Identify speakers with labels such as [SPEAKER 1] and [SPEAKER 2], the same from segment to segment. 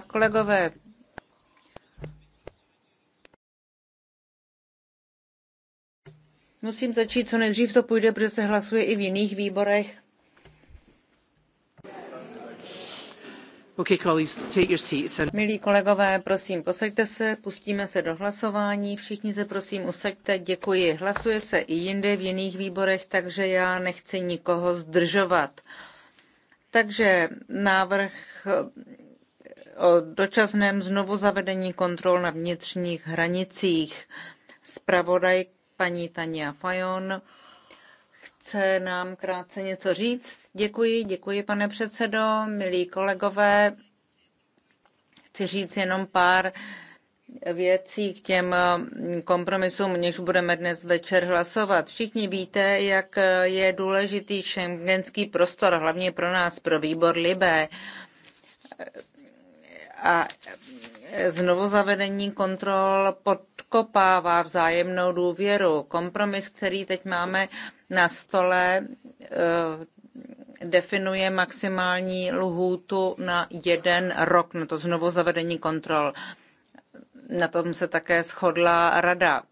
[SPEAKER 1] kolegové, musím začít co nejdřív, to půjde, protože se hlasuje i v jiných výborech. Okay, colleagues, take your seats and... Milí kolegové, prosím, posaďte se, pustíme se do hlasování. Všichni se prosím usaďte, děkuji. Hlasuje se i jinde v jiných výborech, takže já nechci nikoho zdržovat. Takže návrh o dočasném znovuzavedení kontrol na vnitřních hranicích. Spravodaj paní Tania Fajon chce nám krátce něco říct. Děkuji, děkuji pane předsedo, milí kolegové. Chci říct jenom pár věcí k těm kompromisům, něž budeme dnes večer hlasovat. Všichni víte, jak je důležitý šengenský prostor, hlavně pro nás, pro výbor Libé a e, znovuzavedení kontrol podkopává vzájemnou důvěru. Kompromis, který teď máme na stole, e, definuje maximální lhůtu na jeden rok na no to znovuzavedení kontrol. Na tom se také shodla rada.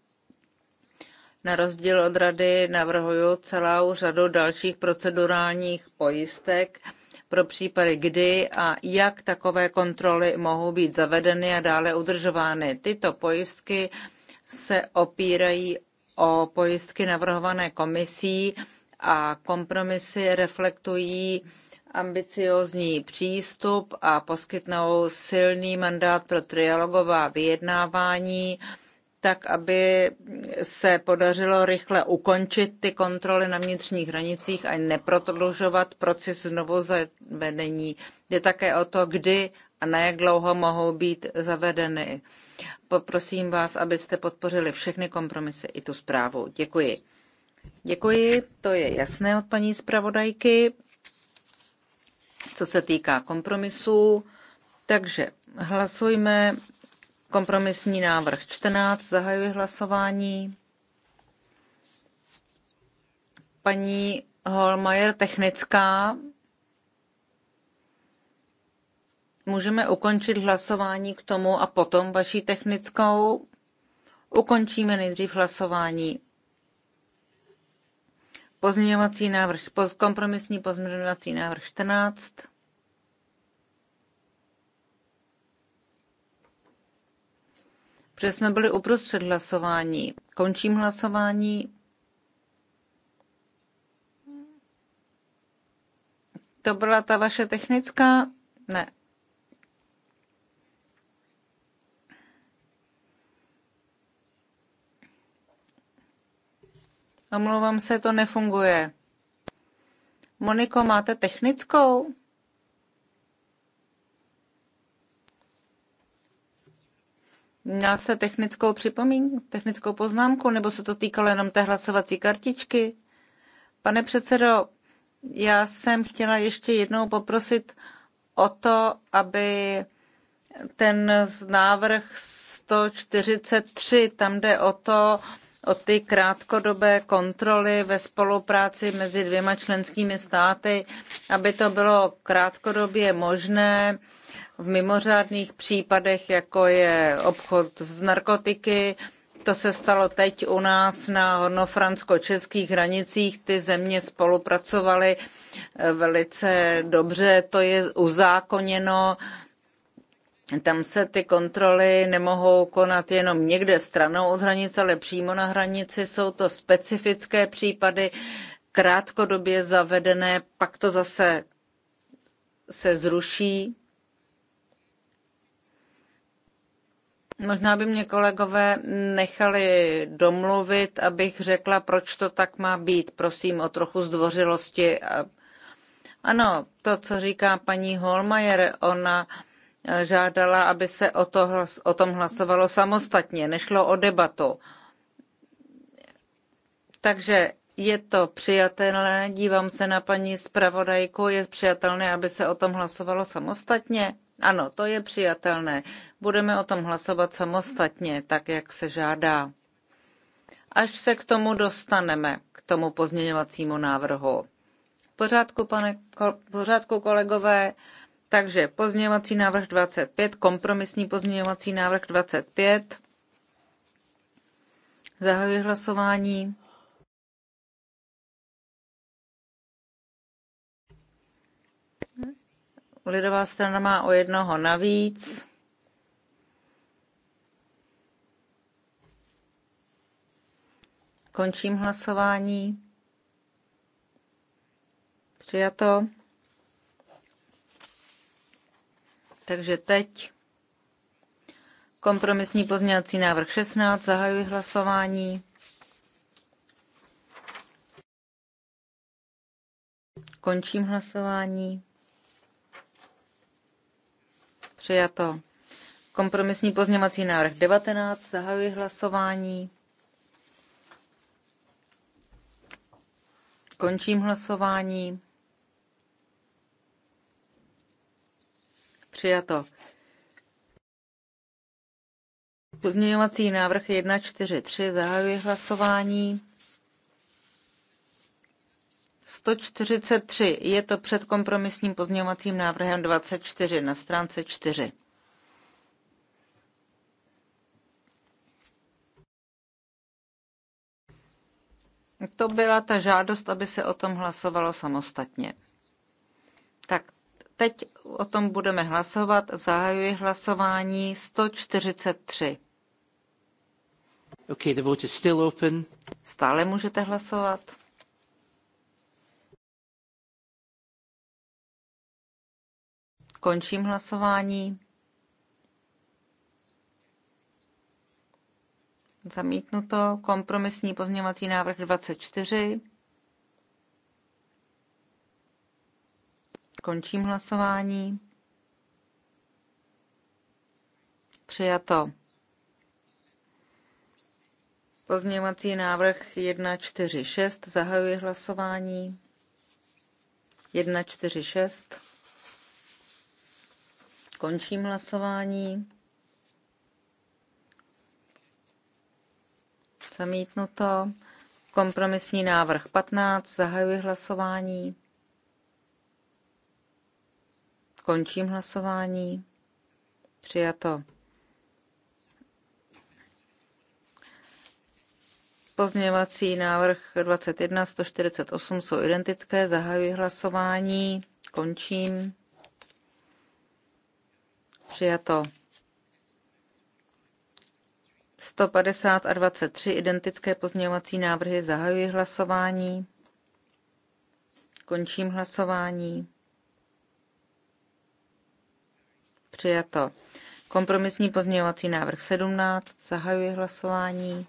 [SPEAKER 1] Na rozdíl od rady navrhuju celou řadu dalších procedurálních pojistek, pro případy, kdy a jak takové kontroly mohou být zavedeny a dále udržovány. Tyto pojistky se opírají o pojistky navrhované komisí a kompromisy reflektují ambiciózní přístup a poskytnou silný mandát pro trialogová vyjednávání tak aby se podařilo rychle ukončit ty kontroly na vnitřních hranicích a neprodlužovat proces znovu zavedení. Jde také o to, kdy a na jak dlouho mohou být zavedeny. Poprosím vás, abyste podpořili všechny kompromisy i tu zprávu. Děkuji. Děkuji, to je jasné od paní zpravodajky. Co se týká kompromisů, takže hlasujme Kompromisní návrh čtrnáct Zahajuji hlasování. Paní hohlmeier technická. Můžeme ukončit hlasování k tomu a potom vaší technickou. Ukončíme nejdřív hlasování. Pozměňovací návrh, kompromisní pozměňovací návrh 14. protože jsme byli uprostřed hlasování. Končím hlasování. To byla ta vaše technická? Ne. Omlouvám se, to nefunguje. Moniko, máte technickou? Měl jste technickou připomínku, technickou poznámku, nebo se to týkalo jenom té hlasovací kartičky? Pane předsedo, já jsem chtěla ještě jednou poprosit o to, aby ten návrh 143, tam jde o to, o ty krátkodobé kontroly ve spolupráci mezi dvěma členskými státy, aby to bylo krátkodobě možné, v mimořádných případech, jako je obchod s narkotiky. To se stalo teď u nás na hornofransko-českých hranicích. Ty země spolupracovaly eh, velice dobře, to je uzákoněno. Tam se ty kontroly nemohou konat jenom někde stranou od hranice, ale přímo na hranici. Jsou to specifické případy, krátkodobě zavedené, pak to zase se zruší. Možná by mě kolegové nechali domluvit, abych řekla, proč to tak má být. Prosím o trochu zdvořilosti. Ano, to, co říká paní Holmajer, ona eh, žádala, aby se o, to, o tom hlasovalo samostatně, nešlo o debatu. Takže je to přijatelné, dívám se na paní zpravodajku, je přijatelné, aby se o tom hlasovalo samostatně? Ano, to je přijatelné. Budeme o tom hlasovat samostatně, tak jak se žádá. Až se k tomu dostaneme, k tomu pozměňovacímu návrhu. V pořádku, pane, v pořádku kolegové. Takže pozměňovací návrh 25, kompromisní pozměňovací návrh 25. Zahajuji hlasování. Lidová strana má o jednoho navíc. Končím hlasování. Přijato. Takže teď kompromisní pozměňovací návrh 16. Zahajuji hlasování. Končím hlasování. Přijato. Kompromisní pozměňovací návrh 19. Zahajuji hlasování. Končím hlasování. Přijato. Pozměňovací návrh 143. Zahajuji hlasování. 143. Je to před kompromisním pozměňovacím návrhem 24 na stránce 4. To byla ta žádost, aby se o tom hlasovalo samostatně. Tak teď o tom budeme hlasovat. Zahajuji hlasování 143. Okay, the vote is still open. Stále můžete hlasovat. Končím hlasování. Zamítnuto. Kompromisní pozměňovací návrh 24. Končím hlasování. Přijato. Pozměňovací návrh 146. Zahajuji hlasování. 146. Končím hlasování. Zamítnuto. Kompromisní návrh 15. Zahajuji hlasování. Končím hlasování. Přijato. Pozměňovací návrh 21, 148 jsou identické. Zahajuji hlasování. Končím. Přijato. 150 a 23 identické pozměňovací návrhy. Zahajuji hlasování. Končím hlasování. Přijato. Kompromisní pozměňovací návrh 17. Zahajuji hlasování.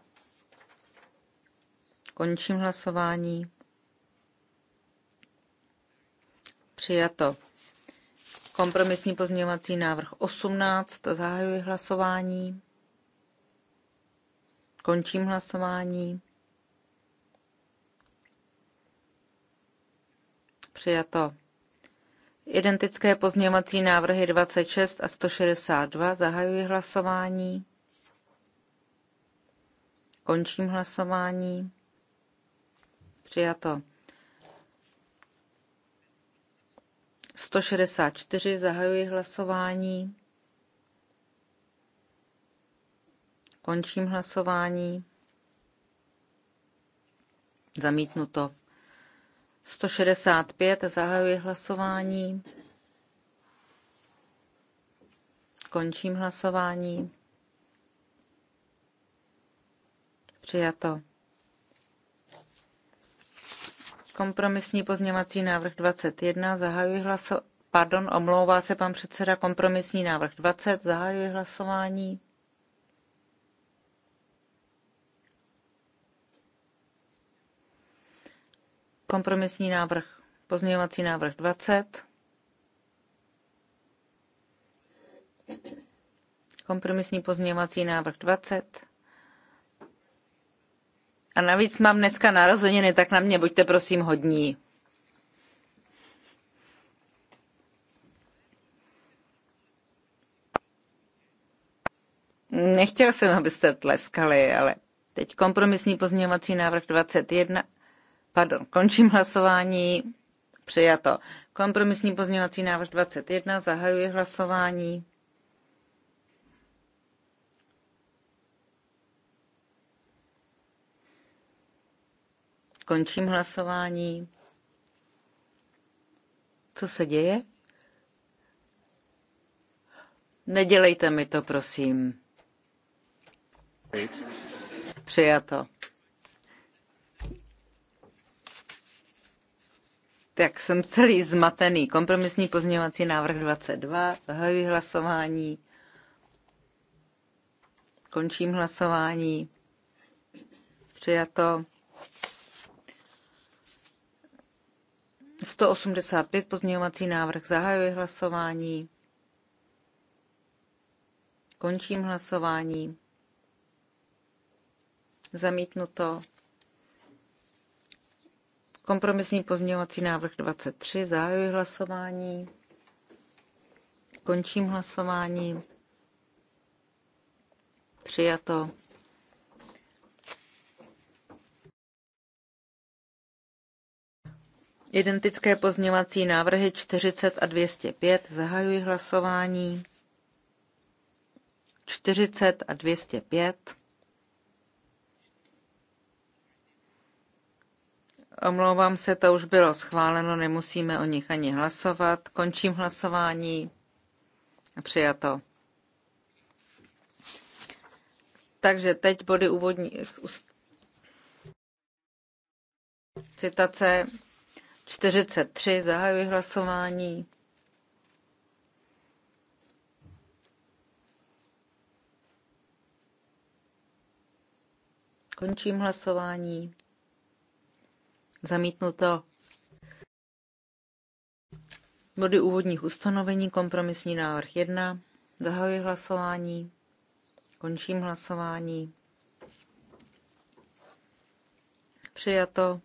[SPEAKER 1] Končím hlasování. Přijato. Kompromisní pozměňovací návrh 18. Zahajuji hlasování. Končím hlasování. Přijato. Identické pozměňovací návrhy 26 a 162. Zahajuji hlasování. Končím hlasování. Přijato. 164 zahajuji hlasování. Končím hlasování. Zamítnuto. 165 zahajuji hlasování. Končím hlasování. Přijato. Kompromisní pozměňovací návrh 21. Zahajuji hlasování. Pardon, omlouvá se pan předseda. Kompromisní návrh 20. Zahajuji hlasování. Kompromisní návrh, pozměňovací návrh 20. Kompromisní pozměňovací návrh 20. A navíc mám dneska narozeniny, tak na mě buďte prosím hodní. Nechtěl jsem, abyste tleskali, ale teď kompromisní pozměňovací návrh 21. Pardon, končím hlasování. Přijato. Kompromisní pozměňovací návrh 21. Zahajuji hlasování. Končím hlasování. Co se děje? Nedělejte mi to, prosím. Přijato. Tak jsem celý zmatený. Kompromisní pozměňovací návrh 22. Zahajuji hlasování. Končím hlasování. Přijato. 185 pozměňovací návrh. Zahajuji hlasování. Končím hlasování. Zamítnuto. Kompromisní pozměňovací návrh 23. Zahajuji hlasování. Končím hlasování. Přijato. Identické pozměňovací návrhy 40 a 205. Zahajuji hlasování. 40 a 205. Omlouvám se, to už bylo schváleno, nemusíme o nich ani hlasovat. Končím hlasování. Přijato. Takže teď body úvodní citace 43, zahajuji hlasování. Končím hlasování. Zamítnuto. Body úvodních ustanovení, kompromisní návrh 1. Zahajuji hlasování. Končím hlasování. Přijato.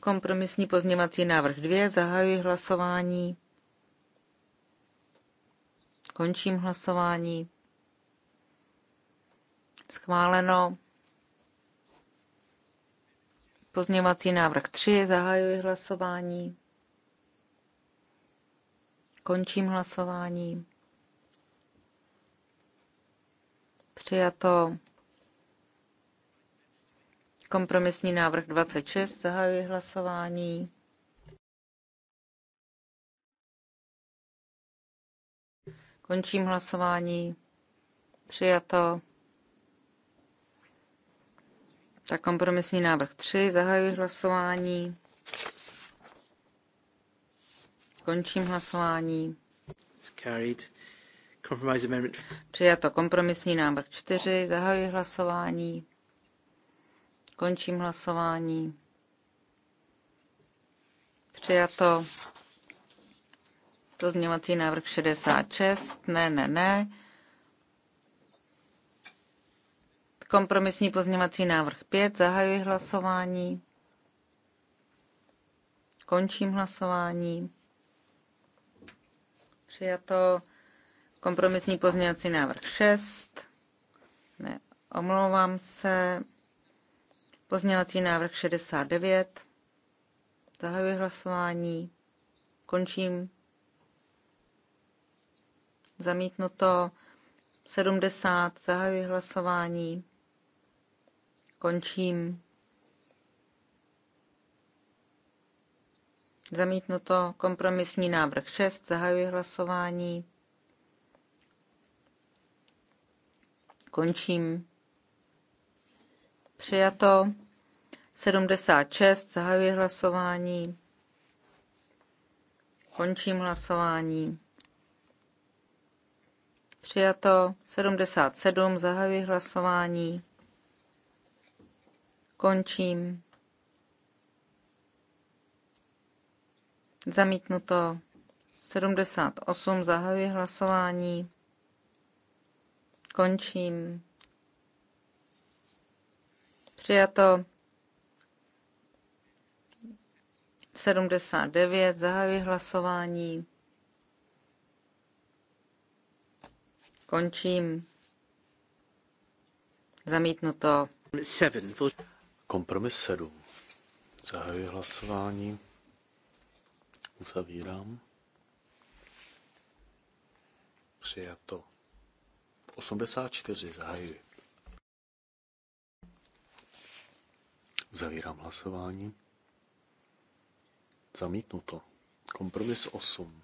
[SPEAKER 1] Kompromisní pozměvací návrh 2. Zahajuji hlasování. Končím hlasování. Schváleno. Pozměvací návrh 3. Zahajuji hlasování. Končím hlasování. Přijato. Kompromisní návrh 26. Zahajuji hlasování. Končím hlasování. Přijato. Tak kompromisní návrh 3. Zahajuji hlasování. Končím hlasování. Přijato kompromisní návrh 4. Zahajuji hlasování. Končím hlasování. Přijato To zněvací návrh 66. Ne, ne, ne. Kompromisní pozněvací návrh 5. Zahajuji hlasování. Končím hlasování. Přijato kompromisní pozněvací návrh 6. Ne, omlouvám se. Pozměňovací návrh 69. Zahajuji hlasování. Končím. Zamítnuto 70. Zahajuji hlasování. Končím. Zamítnuto kompromisní návrh 6. Zahajuji hlasování. Končím. Přijato. 76. Zahajuji hlasování. Končím hlasování. Přijato. 77. Zahajuji hlasování. Končím. Zamítnuto. 78. Zahajuji hlasování. Končím. Přijato 79, zahajuji hlasování. Končím. Zamítnuto.
[SPEAKER 2] Kompromis 7. Zahajuji hlasování. Uzavírám. Přijato. 84 zahajuji. Zavírám hlasování. Zamítnuto. Kompromis 8.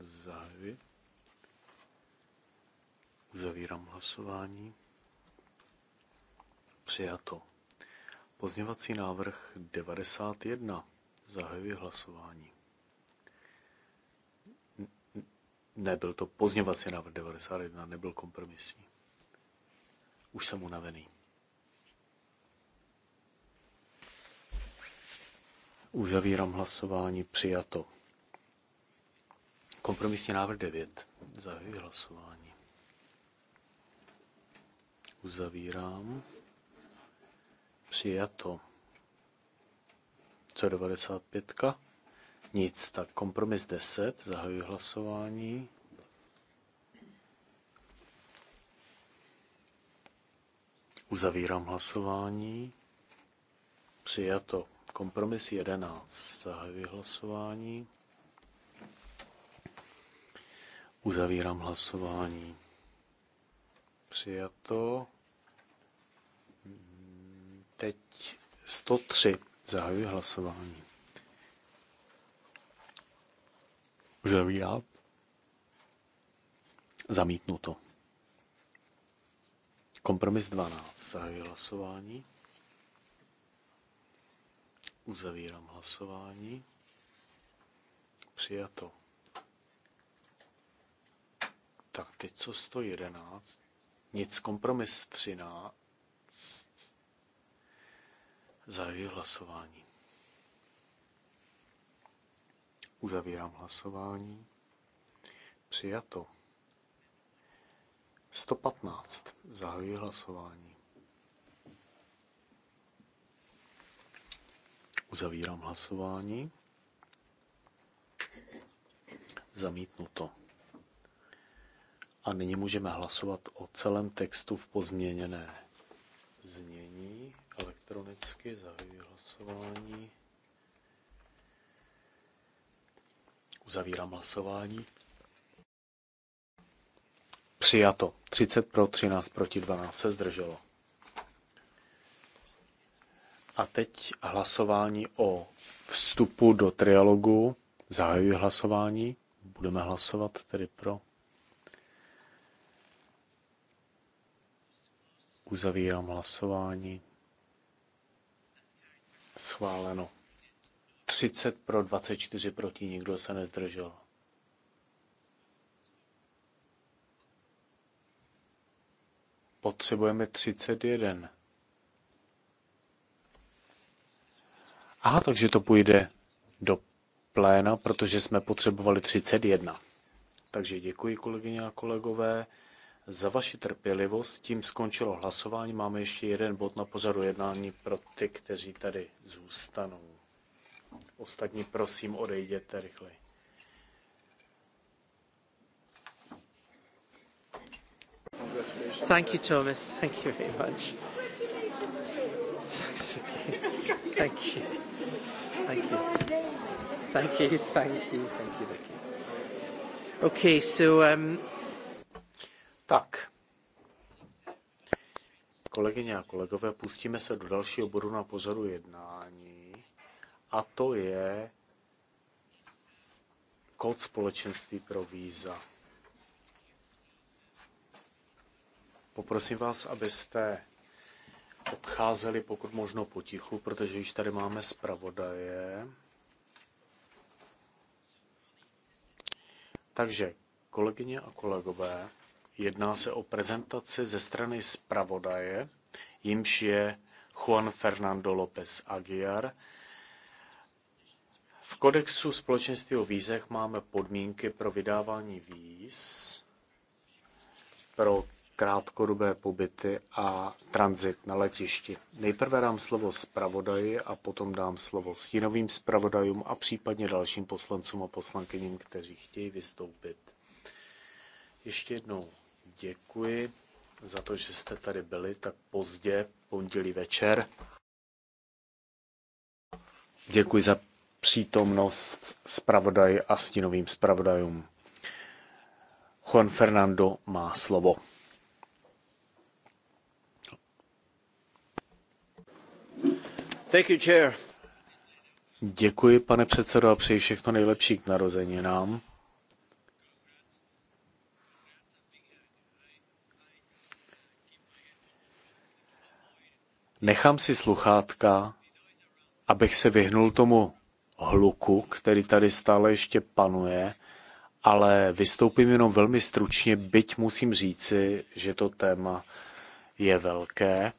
[SPEAKER 2] Zahajuji. Zavírám hlasování. Přijato. Pozněvací návrh 91. Zahajuji hlasování. Nebyl to pozněvací návrh 91, nebyl kompromisní. Už jsem unavený. Uzavírám hlasování. Přijato. Kompromisní návrh 9. Zahajuji hlasování. Uzavírám. Přijato. Co 95? Nic. Tak kompromis 10. Zahajuji hlasování. Uzavírám hlasování. Přijato. Kompromis 11. Zahajuji hlasování. Uzavírám hlasování. Přijato. Teď 103. Zahajuji hlasování. Uzavírám. Zamítnuto. Kompromis 12. Zahajuji hlasování. Uzavírám hlasování. Přijato. Tak teď co 111? Nic, kompromis 13. Zahajuji hlasování. Uzavírám hlasování. Přijato. 115. Zahajuji hlasování. Uzavírám hlasování. Zamítnuto. A nyní můžeme hlasovat o celém textu v pozměněné znění. Elektronicky zahajuji hlasování. Uzavírám hlasování. Přijato. 30 pro, 13 proti, 12 se zdrželo. A teď hlasování o vstupu do trialogu. Zahajuji hlasování. Budeme hlasovat tedy pro. Uzavírám hlasování. Schváleno. 30 pro, 24 proti, nikdo se nezdržel. Potřebujeme 31. Aha, takže to půjde do pléna, protože jsme potřebovali 31. Takže děkuji, kolegyně a kolegové, za vaši trpělivost. Tím skončilo hlasování. Máme ještě jeden bod na pořadu jednání pro ty, kteří tady zůstanou. Ostatní, prosím, odejděte rychle. Thank you, Thomas.
[SPEAKER 1] Thank you very much.
[SPEAKER 3] Thank you. Thank you. Thank you, thank you, thank you, thank
[SPEAKER 2] you. Okay, so, um... Tak. Kolegyně a kolegové, pustíme se do dalšího bodu na pozoru jednání a to je kód společenství pro víza. Poprosím vás, abyste odcházeli pokud možno potichu, protože již tady máme zpravodaje. Takže, kolegyně a kolegové, jedná se o prezentaci ze strany zpravodaje, jimž je Juan Fernando López Aguiar. V kodexu společenství o vízech máme podmínky pro vydávání víz pro krátkodobé pobyty a tranzit na letišti. Nejprve dám slovo zpravodaji a potom dám slovo stínovým zpravodajům a případně dalším poslancům a poslankyním, kteří chtějí vystoupit. Ještě jednou děkuji za to, že jste tady byli tak pozdě, pondělí večer. Děkuji za přítomnost zpravodaji a stínovým zpravodajům. Juan Fernando má slovo. Děkuji, pane předsedo, a přeji všechno nejlepší k narozeninám. Nechám si sluchátka, abych se vyhnul tomu hluku, který tady stále ještě panuje, ale vystoupím jenom velmi stručně, byť musím říci, že to téma je velké.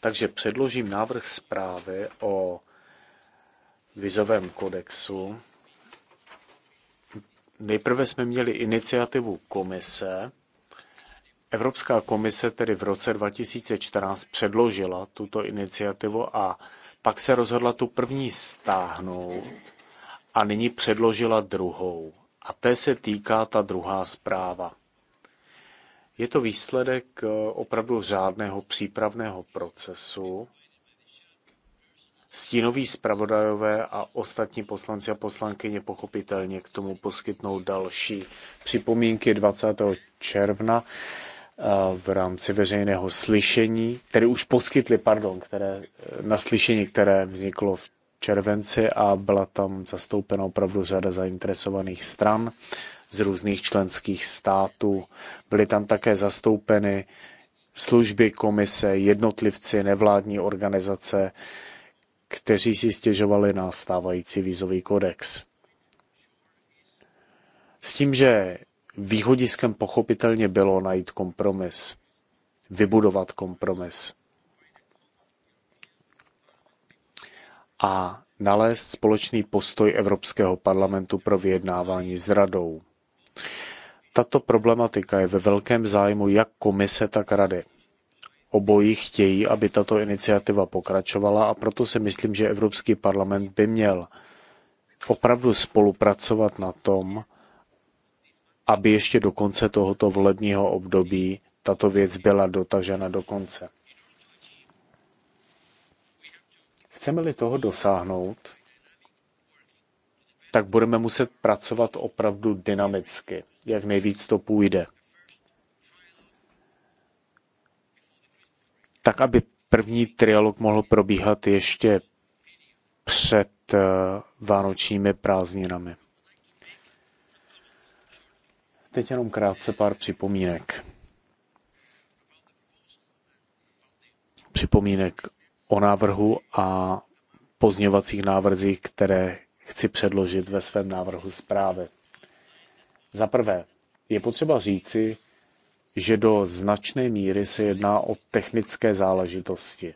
[SPEAKER 2] Takže předložím návrh zprávy o vizovém kodexu. Nejprve jsme měli iniciativu komise. Evropská komise tedy v roce 2014 předložila tuto iniciativu a pak se rozhodla tu první stáhnout a nyní předložila druhou. A té se týká ta druhá zpráva. Je to výsledek eh, opravdu řádného přípravného procesu. Stínoví zpravodajové a ostatní poslanci a poslankyně pochopitelně k tomu poskytnou další připomínky 20. června eh, v rámci veřejného slyšení, které už poskytli, pardon, které, eh, na slyšení, které vzniklo v červenci a byla tam zastoupena opravdu řada zainteresovaných stran z různých členských států. Byly tam také zastoupeny služby komise, jednotlivci, nevládní organizace, kteří si stěžovali na stávající vízový kodex. S tím, že východiskem pochopitelně bylo najít kompromis, vybudovat kompromis a nalézt společný postoj Evropského parlamentu pro vyjednávání s radou. Tato problematika je ve velkém zájmu jak Komise, tak Rady. Obojí chtějí, aby tato iniciativa pokračovala a proto si myslím, že Evropský parlament by měl opravdu spolupracovat na tom, aby ještě do konce tohoto volebního období tato věc byla dotažena do konce. Chceme-li toho dosáhnout, tak budeme muset pracovat opravdu dynamicky, jak nejvíc to půjde. Tak, aby první trialog mohl probíhat ještě před eh, vánočními prázdninami. Teď jenom krátce pár připomínek. Připomínek o návrhu a pozněvacích návrzích, které chci předložit ve svém návrhu zprávy. Za prvé, je potřeba říci, že do značné míry se jedná o technické záležitosti.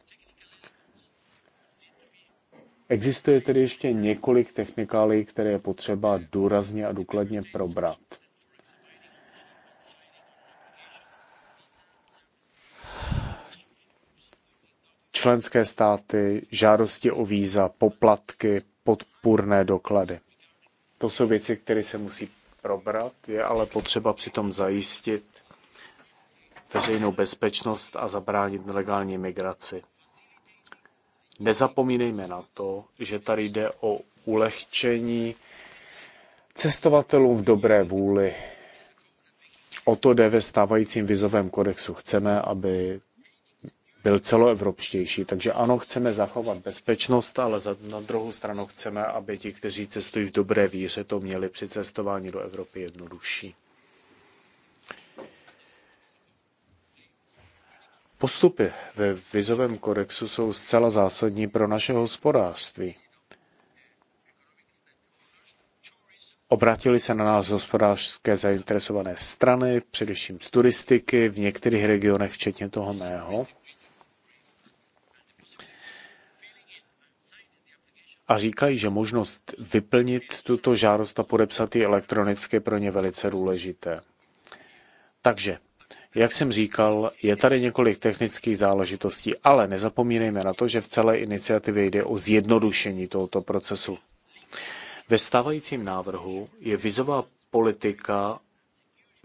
[SPEAKER 2] Existuje tedy ještě několik technikálí, které je potřeba důrazně a důkladně probrat. Členské státy, žádosti o víza, poplatky, podpůrné doklady. To jsou věci, které se musí probrat, je ale potřeba přitom zajistit veřejnou bezpečnost a zabránit nelegální migraci. Nezapomínejme na to, že tady jde o ulehčení cestovatelům v dobré vůli. O to jde ve stávajícím vizovém kodexu. Chceme, aby byl celoevropštější. Takže ano, chceme zachovat bezpečnost, ale na druhou stranu chceme, aby ti, kteří cestují v dobré víře, to měli při cestování do Evropy jednodušší. Postupy ve vizovém kodexu jsou zcela zásadní pro naše hospodářství. Obratili se na nás hospodářské zainteresované strany, především z turistiky, v některých regionech, včetně toho mého. a říkají, že možnost vyplnit tuto žádost a podepsat ji elektronicky pro ně velice důležité. Takže, jak jsem říkal, je tady několik technických záležitostí, ale nezapomínejme na to, že v celé iniciativě jde o zjednodušení tohoto procesu. Ve stávajícím návrhu je vizová politika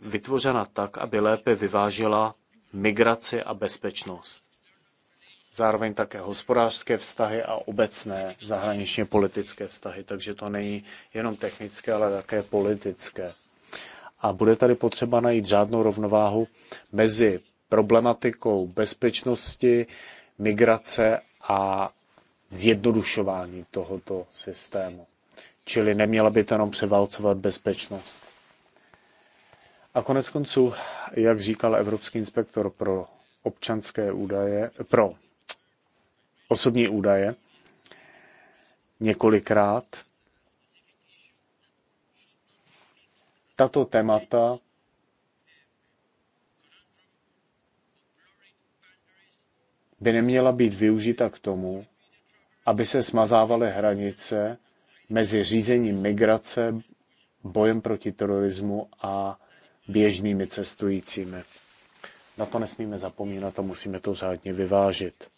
[SPEAKER 2] vytvořena tak, aby lépe vyvážela migraci a bezpečnost zároveň také hospodářské vztahy a obecné zahraničně politické vztahy, takže to není jenom technické, ale také politické. A bude tady potřeba najít řádnou rovnováhu mezi problematikou bezpečnosti, migrace a zjednodušování tohoto systému. Čili neměla by to jenom převálcovat bezpečnost. A konec konců, jak říkal Evropský inspektor pro občanské údaje, pro osobní údaje několikrát. Tato témata by neměla být využita k tomu, aby se smazávaly hranice mezi řízením migrace, bojem proti terorismu a běžnými cestujícími. Na to nesmíme zapomínat a musíme to řádně vyvážit.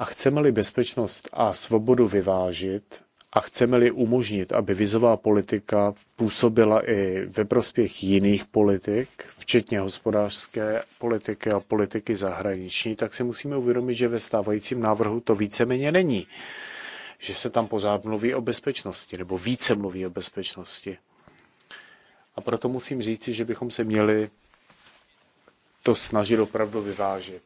[SPEAKER 2] A chceme-li bezpečnost a svobodu vyvážit a chceme-li umožnit, aby vizová politika působila i ve prospěch jiných politik, včetně hospodářské politiky a politiky zahraniční, tak si musíme uvědomit, že ve stávajícím návrhu to víceméně není. Že se tam pořád mluví o bezpečnosti, nebo více mluví o bezpečnosti. A proto musím říci, že bychom se měli to snažit opravdu vyvážit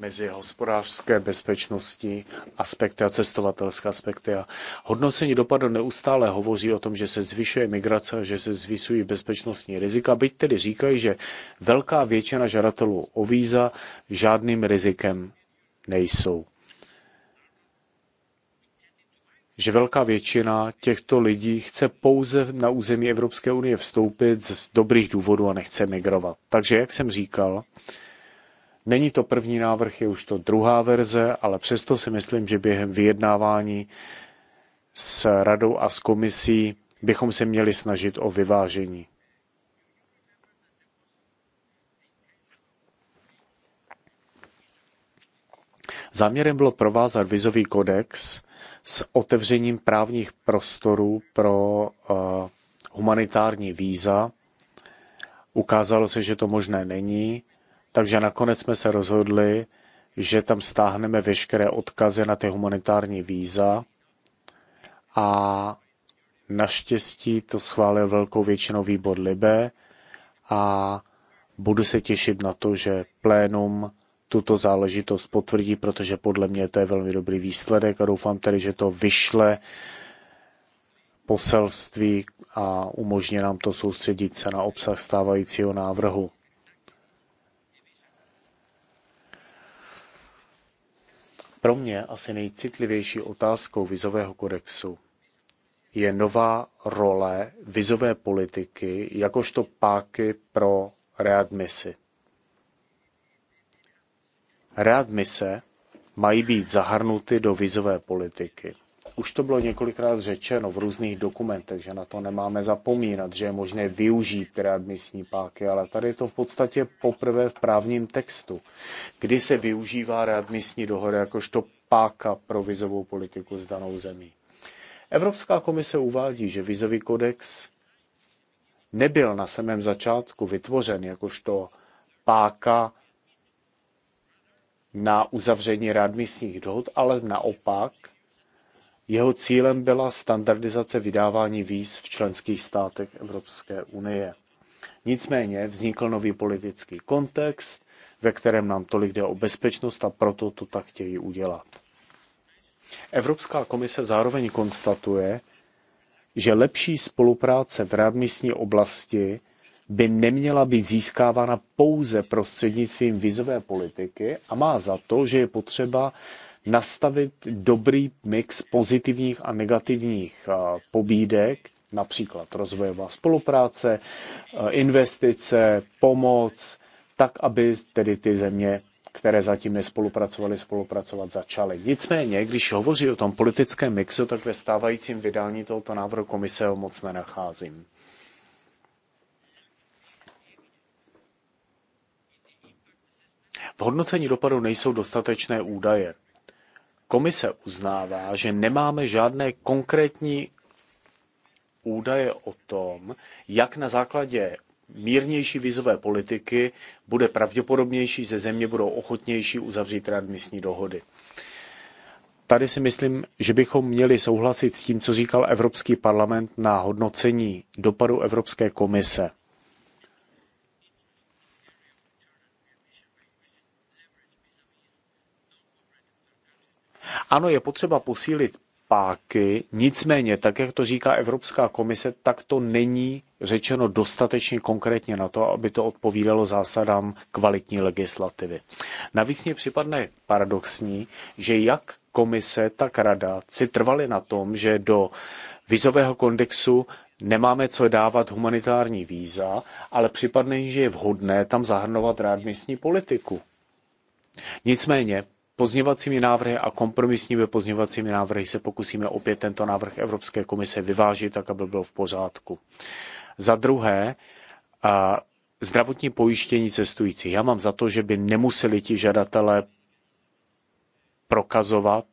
[SPEAKER 2] mezi hospodářské bezpečnosti aspekty a cestovatelské aspekty. A hodnocení dopadu neustále hovoří o tom, že se zvyšuje migrace že se zvyšují bezpečnostní rizika, byť tedy říkají, že velká většina žadatelů o víza žádným rizikem nejsou. Že velká většina těchto lidí chce pouze na území Evropské unie vstoupit z dobrých důvodů a nechce migrovat. Takže, jak jsem říkal, Není to první návrh, je už to druhá verze, ale přesto si myslím, že během vyjednávání s radou a s komisí bychom se měli snažit o vyvážení. Záměrem bylo provázat vizový kodex s otevřením právních prostorů pro uh, humanitární víza. Ukázalo se, že to možné není. Takže nakonec jsme se rozhodli, že tam stáhneme veškeré odkazy na ty humanitární víza a naštěstí to schválil velkou většinou výbor Libe a budu se těšit na to, že plénum tuto záležitost potvrdí, protože podle mě to je velmi dobrý výsledek a doufám tedy, že to vyšle poselství a umožní nám to soustředit se na obsah stávajícího návrhu. Pro mě asi nejcitlivější otázkou vizového kodexu je nová role vizové politiky jakožto páky pro readmisi. Readmise mají být zahrnuty do vizové politiky. Už to bylo několikrát řečeno v různých dokumentech, že na to nemáme zapomínat, že je možné využít readmisní páky, ale tady je to v podstatě poprvé v právním textu, kdy se využívá readmisní dohoda jakožto páka pro vizovou politiku s danou zemí. Evropská komise uvádí, že vizový kodex nebyl na samém začátku vytvořen jakožto páka na uzavření readmisních dohod, ale naopak jeho cílem byla standardizace vydávání víz v členských státech Evropské unie. Nicméně vznikl nový politický kontext, ve kterém nám tolik jde o bezpečnost a proto to tak chtějí udělat. Evropská komise zároveň konstatuje, že lepší spolupráce v rádmístní oblasti by neměla být získávána pouze prostřednictvím vizové politiky a má za to, že je potřeba nastavit dobrý mix pozitivních a negativních pobídek, například rozvojová spolupráce, investice, pomoc, tak, aby tedy ty země které zatím nespolupracovaly, spolupracovat začaly. Nicméně, když hovoří o tom politickém mixu, tak ve stávajícím vydání tohoto návrhu komise ho moc nenacházím. V hodnocení dopadu nejsou dostatečné údaje Komise uznává, že nemáme žádné konkrétní údaje o tom, jak na základě mírnější vizové politiky bude pravděpodobnější, že země budou ochotnější uzavřít readmisní dohody. Tady si myslím, že bychom měli souhlasit s tím, co říkal Evropský parlament na hodnocení dopadu Evropské komise. Ano, je potřeba posílit páky, nicméně, tak jak to říká Evropská komise, tak to není řečeno dostatečně konkrétně na to, aby to odpovídalo zásadám kvalitní legislativy. Navíc mě připadne paradoxní, že jak komise, tak rada si trvali na tom, že do vizového kondexu nemáme co dávat humanitární víza, ale připadne, že je vhodné tam zahrnovat rádmístní politiku. Nicméně pozněvacími návrhy a kompromisními pozněvacími návrhy se pokusíme opět tento návrh Evropské komise vyvážit, tak aby byl v pořádku. Za druhé, zdravotní pojištění cestujících. Já mám za to, že by nemuseli ti žadatelé prokazovat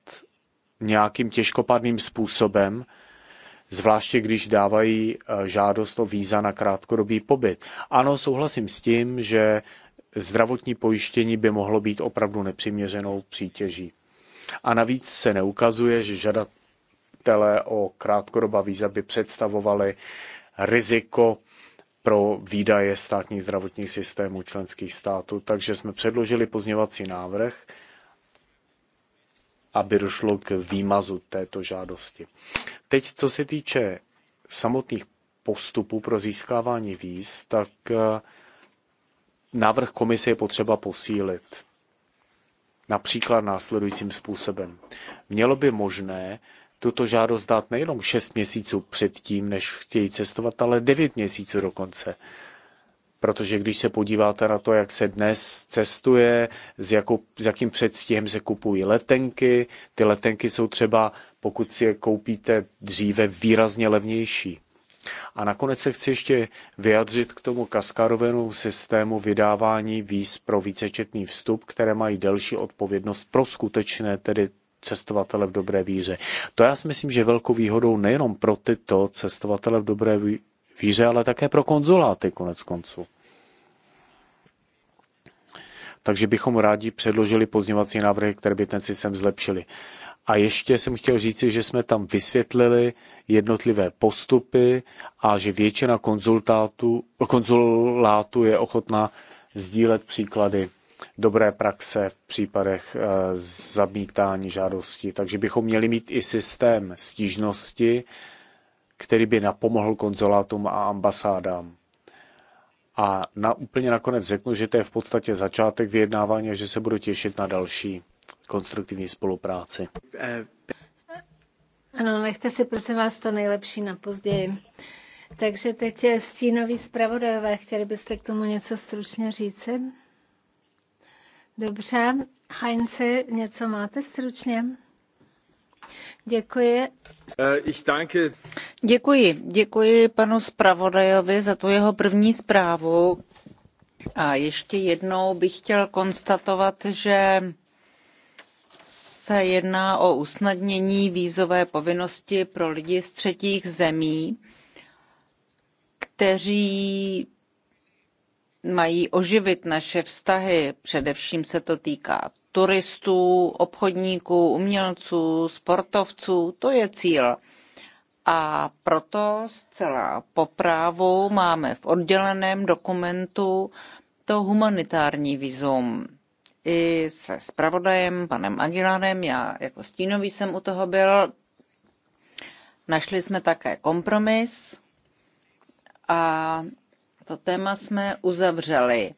[SPEAKER 2] nějakým těžkopádným způsobem, zvláště když dávají e, žádost o víza na krátkodobý pobyt. Ano, souhlasím s tím, že Zdravotní pojištění by mohlo být opravdu nepřiměřenou přítěží. A navíc se neukazuje, že žadatelé o krátkodobá víza by představovali riziko pro výdaje státních zdravotních systémů členských států. Takže jsme předložili pozněvací návrh, aby došlo k výmazu této žádosti. Teď, co se týče samotných postupů pro získávání víz, tak eh, Návrh komise je potřeba posílit. Například následujícím způsobem. Mělo by možné tuto žádost dát nejenom 6 měsíců předtím, než chtějí cestovat, ale 9 měsíců dokonce. Protože když se podíváte na to, jak se dnes cestuje, s, jakou, s jakým předstihem se kupují letenky, ty letenky jsou třeba, pokud si je koupíte dříve, výrazně levnější. A nakonec se chci ještě vyjadřit k tomu kaskarovému systému vydávání víz pro vícečetný vstup, které mají delší odpovědnost pro skutečné, tedy cestovatele v dobré víře. To já si myslím, že je velkou výhodou nejenom pro tyto cestovatele v dobré víře, ale také pro konzuláty konec konců. Takže bychom rádi předložili pozněvací návrhy, které by ten systém zlepšili. A ještě jsem chtěl říci, že jsme tam vysvětlili jednotlivé postupy a že většina konzulátů je ochotná sdílet příklady dobré praxe v případech eh, zabítání žádosti. Takže bychom měli mít i systém stížnosti, který by napomohl konzulátům a ambasádám. A na, úplně nakonec řeknu, že to je v podstatě začátek vyjednávání a že se budu těšit na další konstruktivní spolupráci.
[SPEAKER 3] Ano, nechte si prosím vás to nejlepší na později. Takže teď je stínový zpravodajové. Chtěli byste k tomu něco stručně říci? Dobře. Heinze, něco máte stručně? Děkuji. Eh,
[SPEAKER 1] Děkuji. Děkuji panu zpravodajovi za tu jeho první zprávu. A ještě jednou bych chtěl konstatovat, že se jedná o usnadnění vízové povinnosti pro lidi z třetích zemí, kteří mají oživit naše vztahy. Především se to týká turistů, obchodníků, umělců, sportovců. To je cíl. A proto zcela po právu máme v odděleném dokumentu to humanitární vizum i se zpravodajem panem Aguilarem, já jako stínový jsem u toho byl. Našli jsme také kompromis a to téma jsme uzavřeli.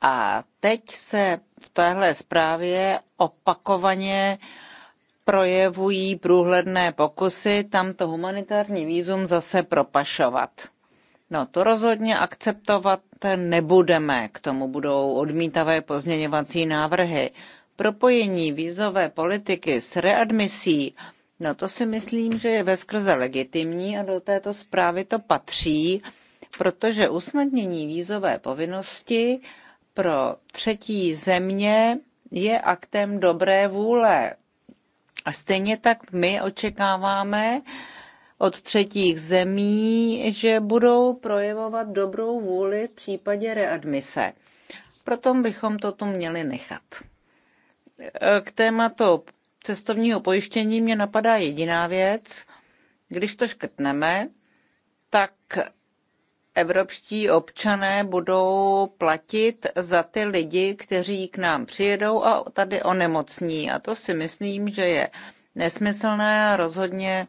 [SPEAKER 1] A teď se v téhle zprávě opakovaně projevují průhledné pokusy tamto humanitární výzum zase propašovat. No, to rozhodně akceptovat nebudeme. K tomu budou odmítavé pozměňovací návrhy. Propojení vízové politiky s readmisí, no to si myslím, že je veskrze legitimní a do této zprávy to patří, protože usnadnění vízové povinnosti pro třetí země je aktem dobré vůle. A stejně tak my očekáváme, od třetích zemí, že budou projevovat dobrou vůli v případě readmise. Proto bychom to tu měli nechat. K tématu cestovního pojištění mě napadá jediná věc. Když to škrtneme, tak evropští občané budou platit za ty lidi, kteří k nám přijedou a tady onemocní. A to si myslím, že je nesmyslné a rozhodně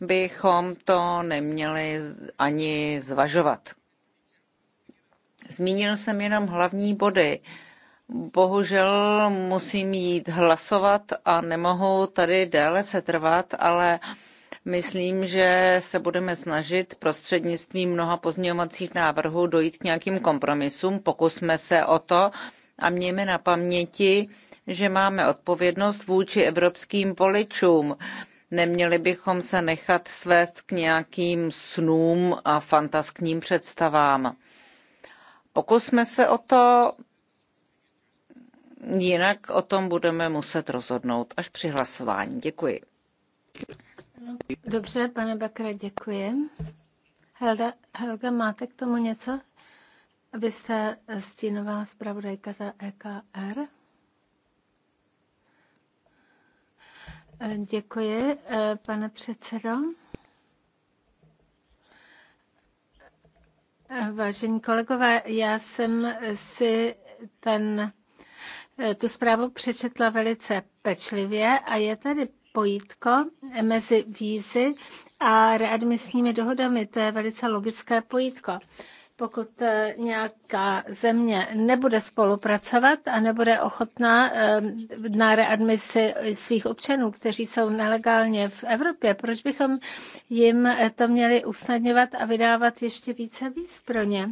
[SPEAKER 1] bychom to neměli ani zvažovat. Zmínil jsem jenom hlavní body. Bohužel musím jít hlasovat a nemohu tady déle setrvat, ale myslím, že se budeme snažit prostřednictvím mnoha pozměňovacích návrhů dojít k nějakým kompromisům. Pokusme se o to a mějme na paměti, že máme odpovědnost vůči evropským voličům. Neměli bychom se nechat svést k nějakým snům a fantaskním představám. Pokusme se o to, jinak o tom budeme muset rozhodnout až při hlasování. Děkuji.
[SPEAKER 3] Dobře, pane Bakra, děkuji. Helga, Helga, máte k tomu něco? Vy jste stínová zpravodajka za EKR. Eh, děkuji, eh, pane předsedo. Eh, vážení kolegové, já jsem si ten, tu zprávu přečetla velice pečlivě a je tady pojítko mezi vízy a readmisními dohodami. To je velice logické pojítko pokud eh, nějaká země nebude spolupracovat a nebude ochotná eh, na readmisi svých občanů, kteří jsou nelegálně v Evropě, proč bychom jim eh, to měli usnadňovat a vydávat ještě více víc pro ně?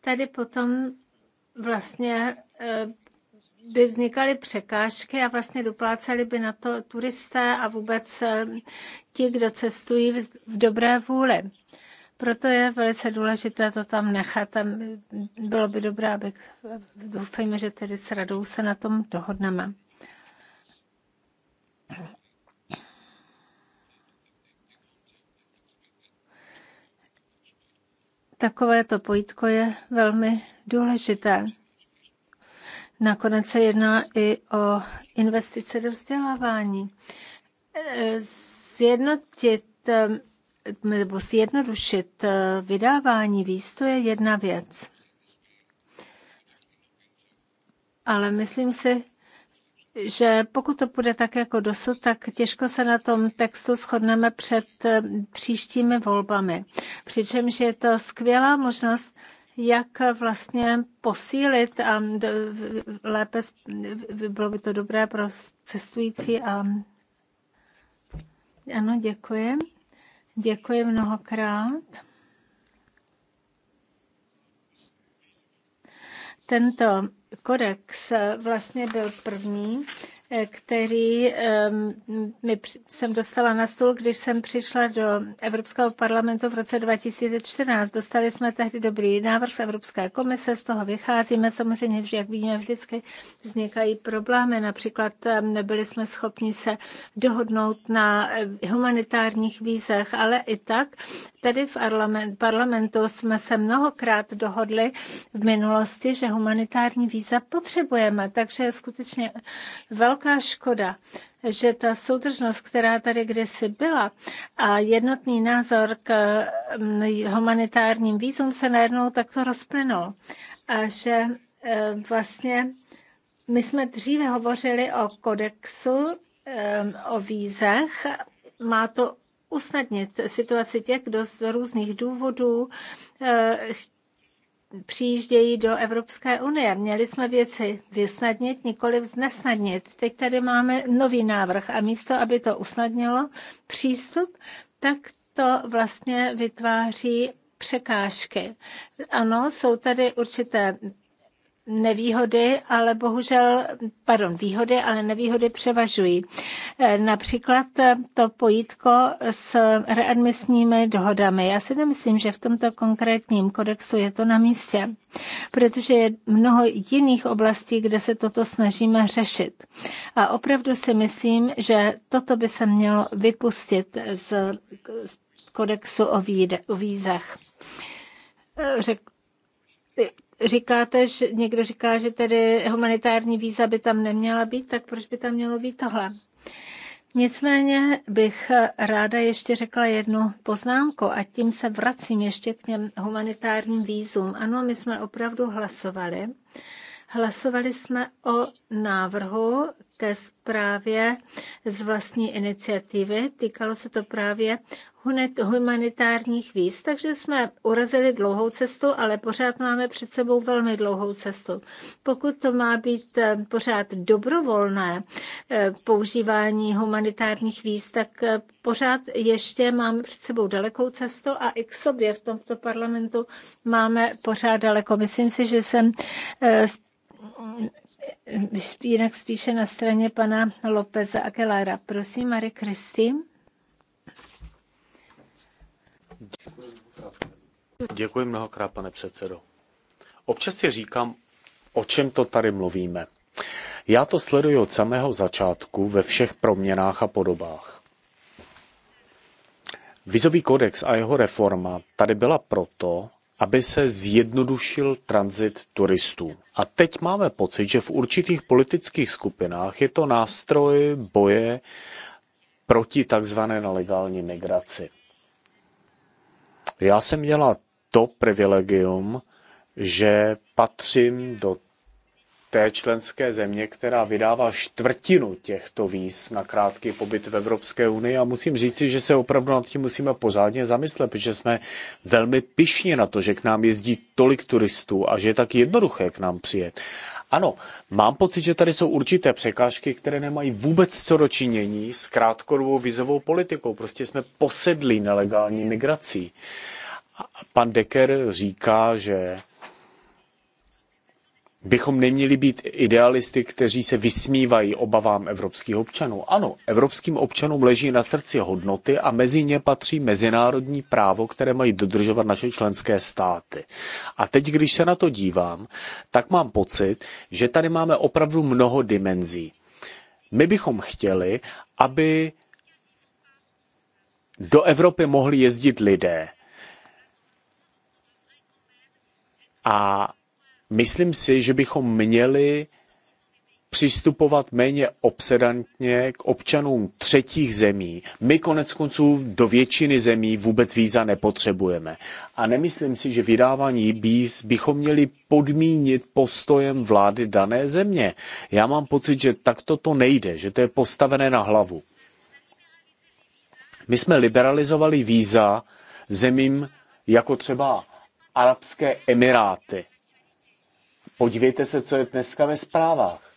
[SPEAKER 3] Tady potom vlastně by vznikaly překážky a vlastně dopláceli by na to turisté a vůbec eh, ti, kdo cestují v dobré vůli. Proto je velice důležité to tam nechat. Tam bylo by dobré, aby doufejme, že tedy s radou se na tom dohodneme. Takovéto pojítko je velmi důležité. Nakonec se jedná i o investice do vzdělávání. Zjednotit nebo zjednodušit vydávání víz, to je jedna věc. Ale myslím si, že pokud to bude tak jako dosud, tak těžko se na tom textu shodneme před příštími volbami. Přičemž je to skvělá možnost jak vlastně posílit a lépe, bylo by to dobré pro cestující a ano, děkuji. Děkuji mnohokrát. Tento kodex vlastně byl první, který mi jsem dostala na stůl, když jsem přišla do Evropského parlamentu v roce 2014. Dostali jsme tehdy dobrý návrh z Evropské komise, z toho vycházíme. Samozřejmě, že jak vidíme, vždycky vznikají problémy. Například nebyli jsme schopni se dohodnout na eh, humanitárních vízech, ale i tak tady v parlamentu jsme se mnohokrát dohodli v minulosti, že humanitární víza potřebujeme. Takže je skutečně velká velká škoda, že ta soudržnost, která tady kdysi byla a jednotný názor k mm, humanitárním vízům se najednou takto rozplynul. A že e, vlastně my jsme dříve hovořili o kodexu, e, o vízech. Má to usnadnit situaci těch, kdo z různých důvodů e, přijíždějí do Evropské unie. Měli jsme věci vysnadnit, nikoli znesnadnit. Teď tady máme nový návrh a místo, aby to usnadnilo přístup, tak to vlastně vytváří překážky. Ano, jsou tady určité nevýhody, ale bohužel, pardon, výhody, ale nevýhody převažují. Eh, například eh, to pojítko s readmisními dohodami. Já si nemyslím, že v tomto konkrétním kodexu je to na místě, protože je mnoho jiných oblastí, kde se toto snažíme řešit. A opravdu si myslím, že toto by se mělo vypustit z, kodexu o, víde, o vízech. Eh, řek, Říkáte, že někdo říká, že tedy humanitární víza by tam neměla být, tak proč by tam mělo být tohle? Nicméně bych ráda ještě řekla jednu poznámku a tím se vracím ještě k těm humanitárním vízům. Ano, my jsme opravdu hlasovali. Hlasovali jsme o návrhu ke zprávě z vlastní iniciativy. Týkalo se to právě humanitárních víz, takže jsme urazili dlouhou cestu, ale pořád máme před sebou velmi dlouhou cestu. Pokud to má být eh, pořád dobrovolné eh, používání humanitárních víz, tak eh, pořád ještě máme před sebou dalekou cestu a i k sobě v tomto parlamentu máme pořád daleko. Myslím si, že jsem jinak spíše na straně pana Lopeza Akelára. Prosím, Marie Kristýn.
[SPEAKER 2] Děkuji mnohokrát, pane předsedo. Občas si říkám, o čem to tady mluvíme. Já to sleduji od samého začátku ve všech proměnách a podobách. Vizový kodex a jeho reforma tady byla proto, aby se zjednodušil tranzit turistů. A teď máme pocit, že v určitých politických skupinách je to nástroj boje proti takzvané nelegální migraci. Já jsem měla to privilegium, že patřím do té členské země, která vydává čtvrtinu těchto víz na krátký pobyt v Evropské unii a musím říci, že se opravdu nad tím musíme pořádně zamyslet, protože jsme velmi pišní na to, že k nám jezdí tolik turistů a že je tak jednoduché k nám přijet. Ano, mám pocit, že tady jsou určité překážky, které nemají vůbec co dočinění s krátkodobou vizovou politikou. Prostě jsme posedlí nelegální migrací. Uh, Pan Decker říká, že bychom neměli být idealisty, kteří se vysmívají obavám evropských občanů. Ano, evropským občanům leží na srdci hodnoty a mezi ně patří mezinárodní právo, které mají dodržovat naše členské státy. A teď, když se na to dívám, tak mám pocit, že tady máme opravdu mnoho dimenzí. My bychom chtěli, aby do Evropy mohli jezdit lidé, A myslím si, že bychom měli přistupovat méně obsedantně k občanům třetích zemí. My konec konců do většiny zemí vůbec víza nepotřebujeme. A nemyslím si, že vydávání víz bychom měli podmínit postojem vlády dané země. Já mám pocit, že takto to nejde, že to je postavené na hlavu. My jsme liberalizovali víza zemím jako třeba Arabské Emiráty. Podívejte se, co je dneska ve zprávách.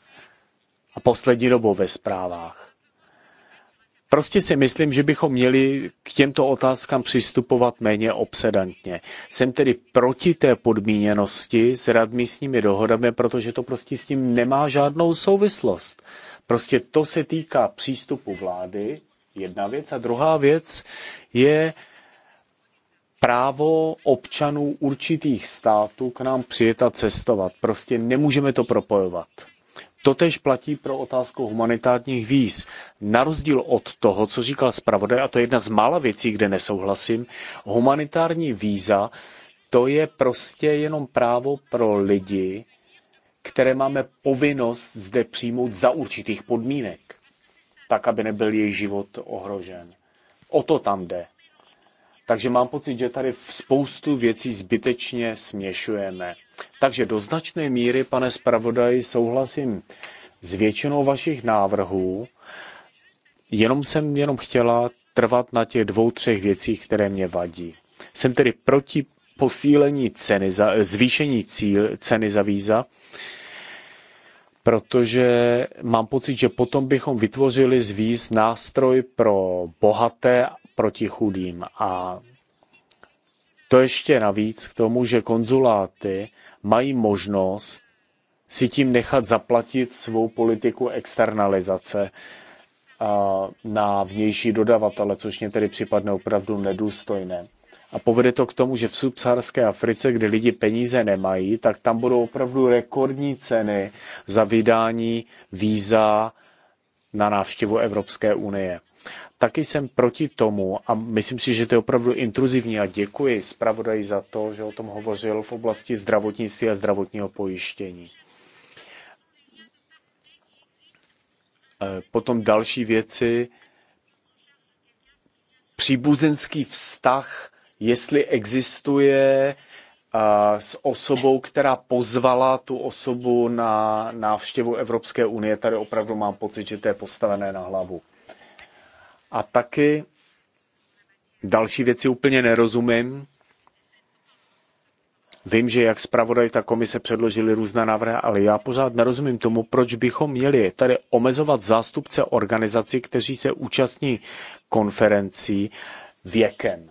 [SPEAKER 2] A poslední dobou ve zprávách. Prostě si myslím, že bychom měli k těmto otázkám přistupovat méně obsedantně. Jsem tedy proti té podmíněnosti s radmístními dohodami, protože to prostě s tím nemá žádnou souvislost. Prostě to se týká přístupu vlády, jedna věc. A druhá věc je právo občanů určitých států k nám přijet a cestovat. Prostě nemůžeme to propojovat. Totež platí pro otázku humanitárních víz. Na rozdíl od toho, co říkal zpravodaj, a to je jedna z mála věcí, kde nesouhlasím, humanitární víza to je prostě jenom právo pro lidi, které máme povinnost zde přijmout za určitých podmínek, tak aby nebyl jejich život ohrožen. O to tam jde. Takže mám pocit, že tady v spoustu věcí zbytečně směšujeme. Takže do značné míry, pane zpravodaji, souhlasím s většinou vašich návrhů, jenom jsem jenom chtěla trvat na těch dvou, třech věcích, které mě vadí. Jsem tedy proti posílení ceny za, zvýšení cíl, ceny za víza, protože mám pocit, že potom bychom vytvořili z víz nástroj pro bohaté proti chudým. A to ještě navíc k tomu, že konzuláty mají možnost si tím nechat zaplatit svou politiku externalizace na vnější dodavatele, což mě tedy připadne opravdu nedůstojné. A povede to k tomu, že v subsaharské Africe, kde lidi peníze nemají, tak tam budou opravdu rekordní ceny za vydání víza na návštěvu Evropské unie. Taky jsem proti tomu a myslím si, že to je opravdu intruzivní a děkuji zpravodaj za to, že o tom hovořil v oblasti zdravotnictví a zdravotního pojištění. E, potom další věci. Příbuzenský vztah, jestli existuje s osobou, která pozvala tu osobu na návštěvu Evropské unie. Tady opravdu mám pocit, že to je postavené na hlavu. A taky další věci úplně nerozumím. Vím, že jak zpravodaj ta komise předložili různá návrhy, ale já pořád nerozumím tomu, proč bychom měli tady omezovat zástupce organizací, kteří se účastní konferencí věkem.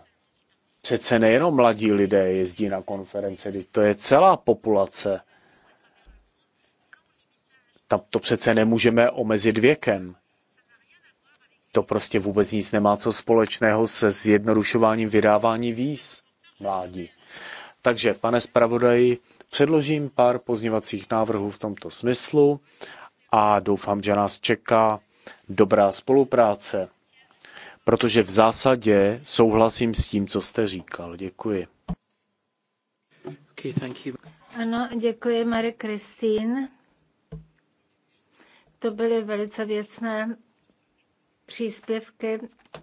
[SPEAKER 2] Přece nejenom mladí lidé jezdí na konference, to je celá populace. Tam to přece nemůžeme omezit věkem. To prostě vůbec nic nemá co společného se zjednodušováním vydávání víz vládí. Takže, pane zpravodaji, předložím pár pozněvacích návrhů v tomto smyslu a doufám, že nás čeká dobrá spolupráce, protože v zásadě souhlasím s tím, co jste říkal. Děkuji. Okay, thank you.
[SPEAKER 3] Ano, děkuji, Marie Kristýn. To byly velice věcné příspěvky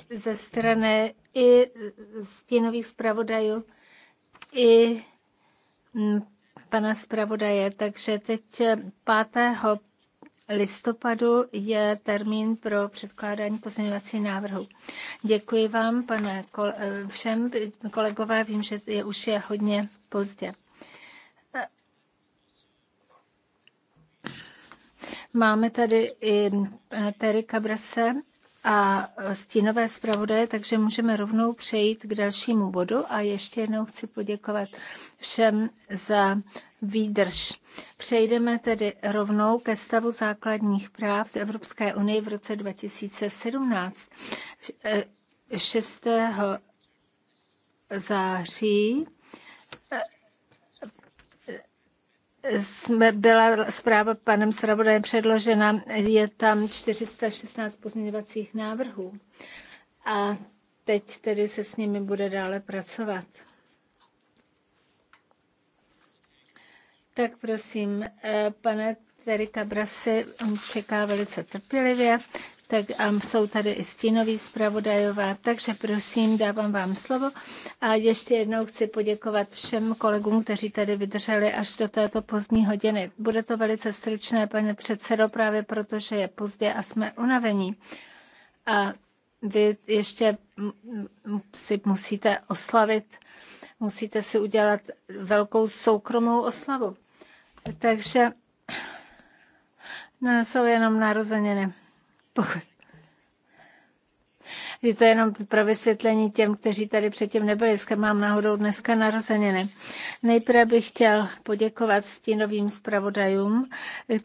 [SPEAKER 3] ze strany i stínových zpravodajů, i mm, pana zpravodaje. Takže teď 5. listopadu je termín pro předkládání pozměňovací návrhu. Děkuji vám, pane všem kolegové, vím, že je, už je hodně pozdě. Máme tady i Terry Cabrase, a stínové zpravodaje, takže můžeme rovnou přejít k dalšímu bodu a ještě jednou chci poděkovat všem za výdrž. Přejdeme tedy rovnou ke stavu základních práv z Evropské unie v roce 2017. 6. září jsme, byla zpráva panem zpravodajem předložena, je tam 416 pozměňovacích návrhů a teď tedy se s nimi bude dále pracovat. Tak prosím, eh, pane Terika Brasy čeká velice trpělivě tak um, jsou tady i stínoví zpravodajové, takže prosím, dávám vám slovo a ještě jednou chci poděkovat všem kolegům, kteří tady vydrželi až do této pozdní hodiny. Bude to velice stručné, pane předsedo, právě protože je pozdě a jsme unavení. A vy ještě si musíte oslavit, musíte si udělat velkou soukromou oslavu. Takže no, jsou jenom narozeniny. Pokud... Je to jenom pro vysvětlení těm, kteří tady předtím nebyli, mám náhodou dneska narozeniny. Nejprve bych chtěl poděkovat stínovým zpravodajům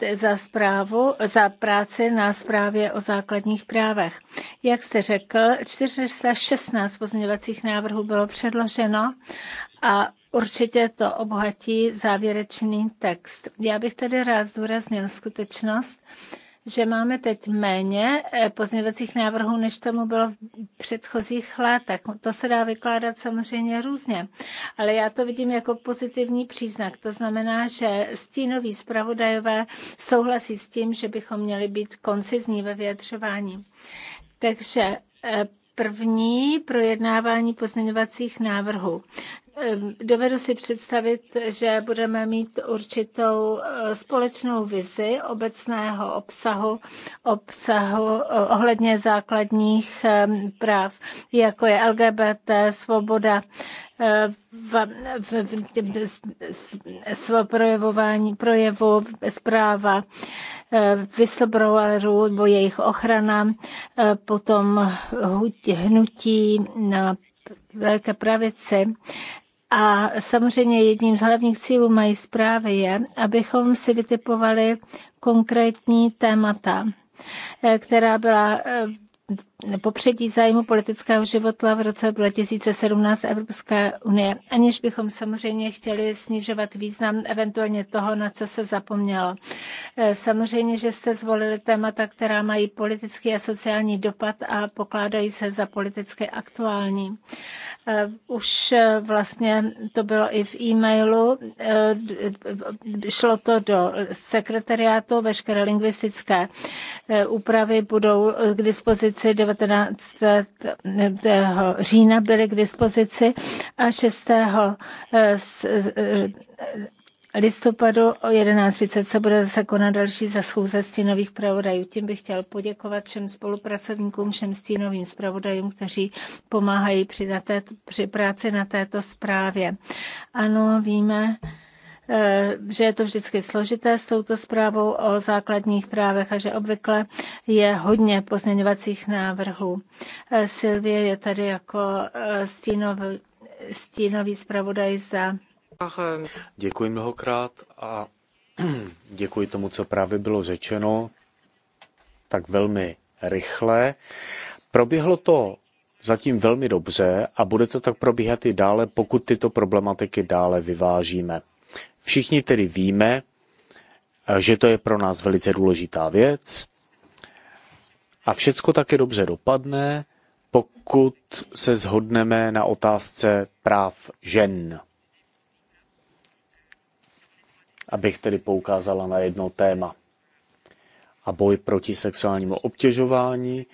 [SPEAKER 3] eh, za zprávu, za práci na zprávě o základních právech. Jak jste řekl, 416 pozměňovacích návrhů bylo předloženo a Určitě to obohatí závěrečný text. Já bych tady rád zdůraznil skutečnost, že máme teď méně eh, pozměňovacích návrhů, než tomu bylo v předchozích letech. To se dá vykládat samozřejmě různě, ale já to vidím jako pozitivní příznak. To znamená, že stínoví zpravodajové souhlasí s tím, že bychom měli být koncizní ve vyjadřování. Takže eh, První projednávání pozměňovacích návrhů dovedu si představit, že budeme mít určitou eh, společnou vizi obecného obsahu, obsahu eh, ohledně základních práv, jako je LGBT, svoboda eh, v, v, v, v, projevování, projevu, zpráva vysobrovarů nebo jejich ochrana, potom hnutí na velké pravici a samozřejmě jedním z hlavních cílů mají zprávy je, abychom si vytipovali konkrétní témata, eh, která byla eh, popředí zájmu politického života v roce 2017 Evropské unie, aniž bychom samozřejmě chtěli snižovat význam eventuálně toho, na co se zapomnělo. Eh, samozřejmě, že jste zvolili témata, která mají politický a sociální dopad a pokládají se za politicky aktuální. Eh, už eh, vlastně to bylo i v e-mailu, šlo to do sekretariátu, veškeré lingvistické úpravy budou k dispozici 9. 19. října byly k dispozici a 6. Eh, eh, listopadu o 11.30 se bude zase konat další schůze stínových pravodajů. Tím bych chtěl poděkovat všem spolupracovníkům, všem stínovým zpravodajům, kteří pomáhají při, na té, při práci na této zprávě. Ano, víme, Eh, že je to vždycky složité s touto zprávou o základních právech a že obvykle je hodně pozměňovacích návrhů. Eh, Silvie je tady jako eh, stínový, stínový zpravodaj za.
[SPEAKER 2] Děkuji mnohokrát a děkuji tomu, co právě bylo řečeno, tak velmi rychle. Proběhlo to zatím velmi dobře a bude to tak probíhat i dále, pokud tyto problematiky dále vyvážíme. Všichni tedy víme, eh, že to je pro nás velice důležitá věc a všecko také dobře dopadne, pokud se zhodneme na otázce práv žen. Abych tedy poukázala na jedno téma. A boj proti sexuálnímu obtěžování.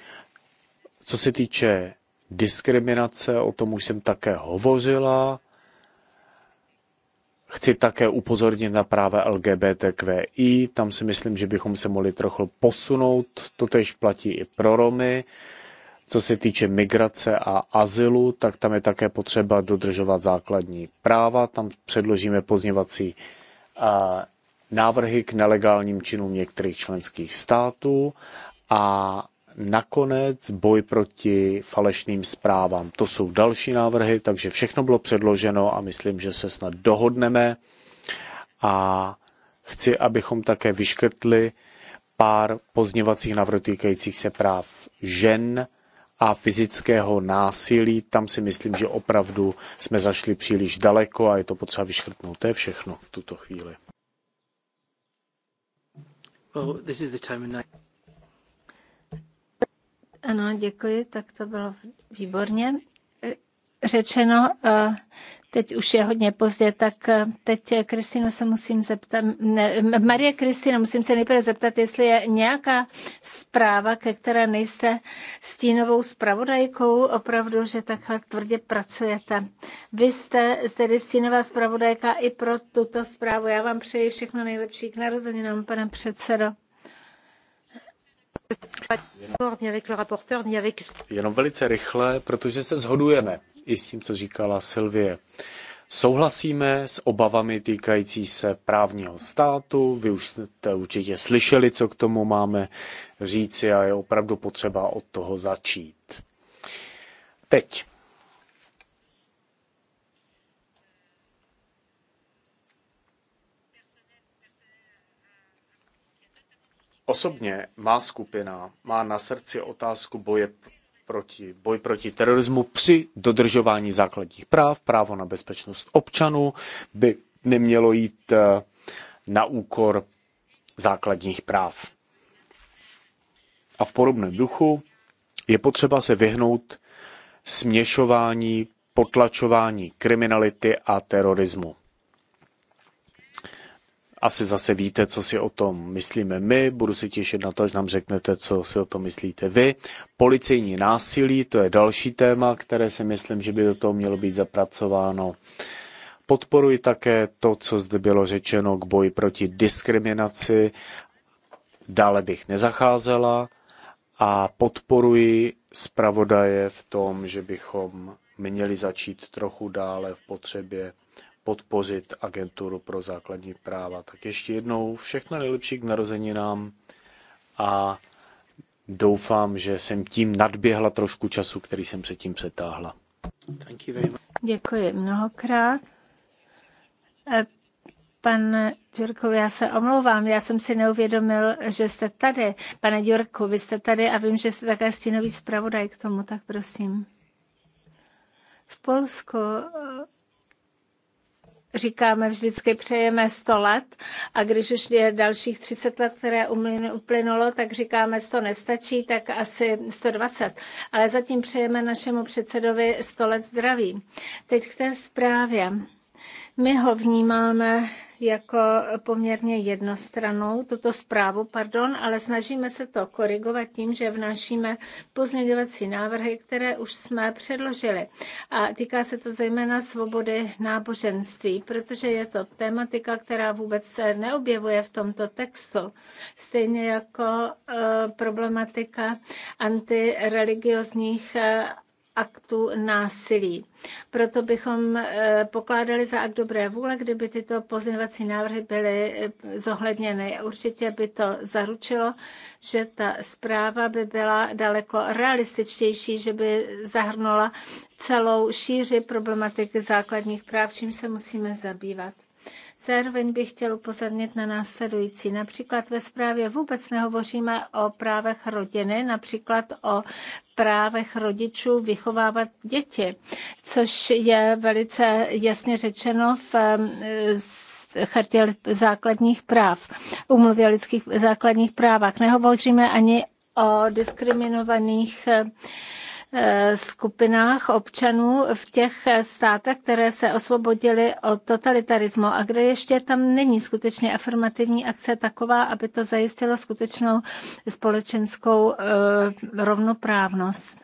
[SPEAKER 2] Co se týče diskriminace, o tom už jsem také hovořila. Chci také upozornit na práva LgbtqI, tam si myslím, že bychom se mohli trochu posunout, To tež platí i pro Romy. Co se týče migrace a azylu, tak tam je také potřeba dodržovat základní práva, tam předložíme pozněvací návrhy k nelegálním činům některých členských států a Nakonec boj proti falešným zprávám. To jsou další návrhy, takže všechno bylo předloženo a myslím, že se snad dohodneme. A chci, abychom také vyškrtli pár pozněvacích návrhů týkajících se práv žen a fyzického násilí. Tam si myslím, že opravdu jsme zašli příliš daleko a je to potřeba vyškrtnout. To je všechno v tuto chvíli.
[SPEAKER 3] Ano, děkuji, tak to bylo výborně řečeno. Eh, teď už je hodně pozdě, tak eh, teď Kristýnu se musím zeptat, ne, Marie Kristýna, musím se nejprve zeptat, jestli je nějaká zpráva, ke které nejste stínovou zpravodajkou, opravdu, že takhle tvrdě pracujete. Vy jste tedy stínová zpravodajka i pro tuto zprávu. Já vám přeji všechno nejlepší k narozeninám, pane předsedo.
[SPEAKER 2] Jenom velice rychle, protože se shodujeme i s tím, co říkala Sylvie. Souhlasíme s obavami týkající se právního státu. Vy už jste určitě slyšeli, co k tomu máme říci a je opravdu potřeba od toho začít. Teď Osobně má skupina má na srdci otázku boje proti, boj proti terorismu při dodržování základních práv, právo na bezpečnost občanů by nemělo jít eh, na úkor základních práv. A v podobném duchu je potřeba se vyhnout směšování, potlačování kriminality a terorismu. Asi zase víte, co si o tom myslíme my. Budu se těšit na to, až nám řeknete, co si o tom myslíte vy. Policejní násilí, to je další téma, které si myslím, že by do toho mělo být zapracováno. Podporuji také to, co zde bylo řečeno k boji proti diskriminaci. Dále bych nezacházela a podporuji zpravodaje v tom, že bychom měli začít trochu dále v potřebě podpořit agenturu pro základní práva. Tak ještě jednou všechno nejlepší k narozeninám a doufám, že jsem tím nadběhla trošku času, který jsem předtím přetáhla.
[SPEAKER 3] Děkuji mnohokrát. E, pan Jurkov, já se omlouvám, já jsem si neuvědomil, že jste tady. Pane Jurku, vy jste tady a vím, že jste také stínový zpravodaj k tomu, tak prosím. V Polsku říkáme vždycky přejeme 100 let a když už je dalších 30 let, které uplynulo, tak říkáme 100 nestačí, tak asi 120. Ale zatím přejeme našemu předsedovi 100 let zdraví. Teď k té zprávě. My ho vnímáme jako poměrně jednostranou, tuto zprávu, pardon, ale snažíme se to korigovat tím, že vnášíme pozměňovací návrhy, které už jsme předložili. A týká se to zejména svobody náboženství, protože je to tématika, která vůbec se neobjevuje v tomto textu. Stejně jako eh, problematika antireligiozních eh, aktu násilí. Proto bychom eh, pokládali za akt dobré vůle, kdyby tyto pozměňovací návrhy byly eh, zohledněny. Určitě by to zaručilo, že ta zpráva by byla daleko realističtější, že by zahrnula celou šíři problematiky základních práv, čím se musíme zabývat. Zároveň bych chtěl upozornit na následující. Například ve zprávě vůbec nehovoříme o právech rodiny, například o právech rodičů vychovávat děti, což je velice jasně řečeno v chartě základních práv, umluvě lidských základních právách. Nehovoříme ani o diskriminovaných Eh, skupinách občanů v těch státech, které se osvobodily od totalitarismu a kde ještě tam není skutečně afirmativní akce taková, aby to zajistilo skutečnou společenskou eh, rovnoprávnost.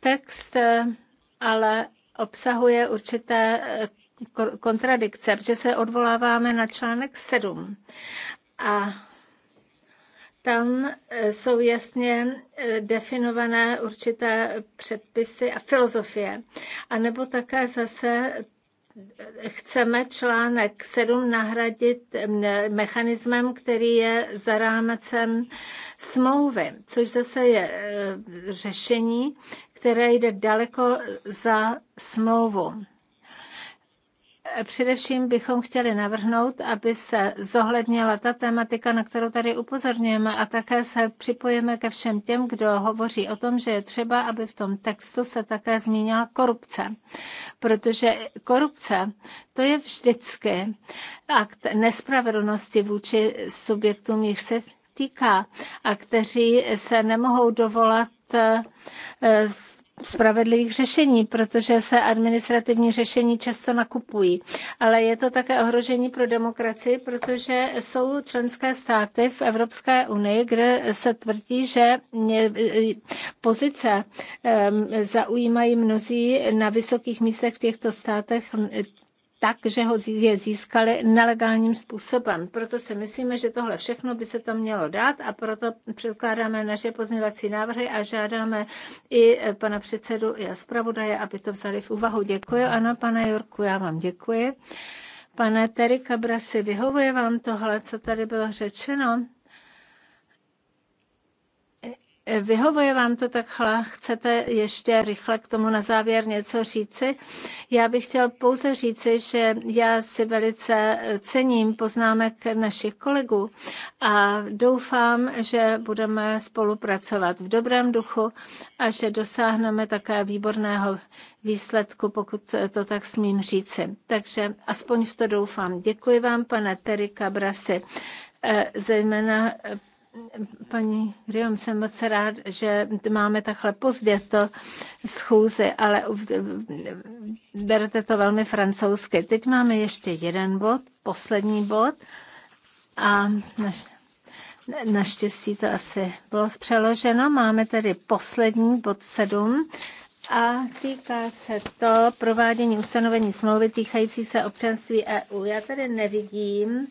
[SPEAKER 3] Text eh, ale obsahuje určité kontradikce, protože se odvoláváme na článek 7. A tam eh, jsou jasně eh, definované určité předpisy a filozofie. A nebo také zase eh, chceme článek 7 nahradit mm, mechanismem, který je za rámecem smlouvy, což zase je řešení, které jde daleko za smlouvu. Především bychom chtěli navrhnout, aby se zohlednila ta tématika, na kterou tady upozorňujeme a také se připojíme ke všem těm, kdo hovoří o tom, že je třeba, aby v tom textu se také zmínila korupce. Protože korupce to je vždycky akt nespravedlnosti vůči subjektům, jich se týká a kteří se nemohou dovolat eh, spravedlivých řešení, protože se administrativní řešení často nakupují. Ale je to také ohrožení pro demokracii, protože jsou členské státy v Evropské unii, kde se tvrdí, že eh, pozice eh, zaujímají mnozí na vysokých místech v těchto státech tak, že ho je získali nelegálním způsobem. Proto si myslíme, že tohle všechno by se to mělo dát a proto předkládáme naše pozměvací návrhy a žádáme i e, pana předsedu i zpravodaje, aby to vzali v úvahu. Děkuji. Ano, pane Jorku, já vám děkuji. Pane Terry Cabrasi, vyhovuje vám tohle, co tady bylo řečeno? Vyhovuje vám to takhle? Chcete ještě rychle k tomu na závěr něco říci? Já bych chtěl pouze říci, že já si velice cením poznámek našich kolegů a doufám, že budeme spolupracovat v dobrém duchu a že dosáhneme také výborného výsledku, pokud to tak smím říci. Takže aspoň v to doufám. Děkuji vám, pane Terika Brasi eh, zejména paní Riom, jsem moc rád, že máme takhle pozdě to schůzi, ale berete to velmi francouzsky. Teď máme ještě jeden bod, poslední bod a naš, naštěstí to asi bylo přeloženo. Máme tedy poslední bod sedm a týká se to provádění ustanovení smlouvy týkající se občanství EU. Já tady nevidím uh,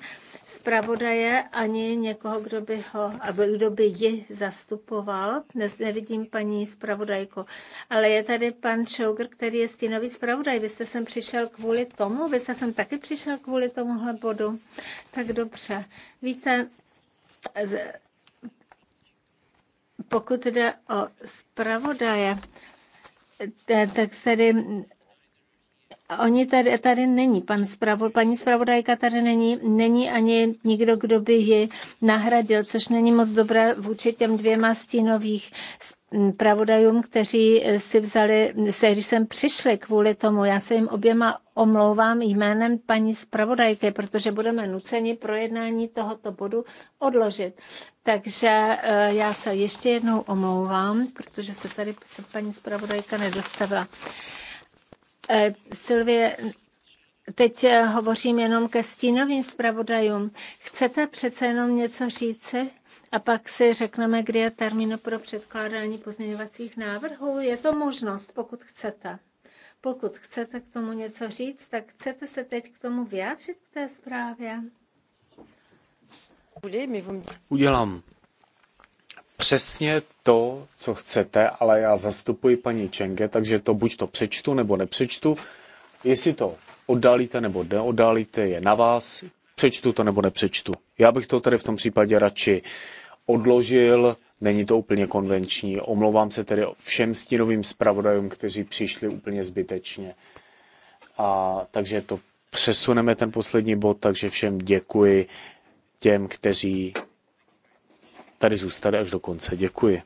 [SPEAKER 3] zpravodaje ani někoho, kdo by, ho, kdo by ji zastupoval. Dnes nevidím paní zpravodajku, ale je tady pan Šougr, který je stínový zpravodaj. Vy jste sem přišel kvůli tomu, vy jste sem taky přišel kvůli tomuhle bodu. Tak dobře. Víte, pokud jde o zpravodaje, tak tady Oni tady, tady není, pan spravo, paní spravodajka tady není, není ani nikdo, kdo by ji nahradil, což není moc dobré vůči těm dvěma stínových pravodajům, kteří si vzali, se, když jsem přišli kvůli tomu, já se jim oběma omlouvám jménem paní spravodajky, protože budeme nuceni projednání tohoto bodu odložit. Takže eh, já se ještě jednou omlouvám, protože se tady paní spravodajka nedostavila. Eh, Silvie, teď eh, hovořím jenom ke stínovým zpravodajům. Chcete přece jenom něco říci? A pak si řekneme, kdy je termín pro předkládání pozměňovacích návrhů. Je to možnost, pokud chcete. Pokud chcete k tomu něco říct, tak chcete se teď k tomu vyjádřit k té zprávě?
[SPEAKER 2] Udělám přesně to, co chcete, ale já zastupuji paní Čenge, takže to buď to přečtu, nebo nepřečtu. Jestli to oddálíte nebo neoddálíte, je na vás. Přečtu to nebo nepřečtu. Já bych to tady v tom případě radši odložil. Není to úplně konvenční. Omlouvám se tedy všem stínovým zpravodajům, kteří přišli úplně zbytečně. A takže to přesuneme ten poslední bod, takže všem děkuji těm, kteří Tady zůstali až do konce, děkuji.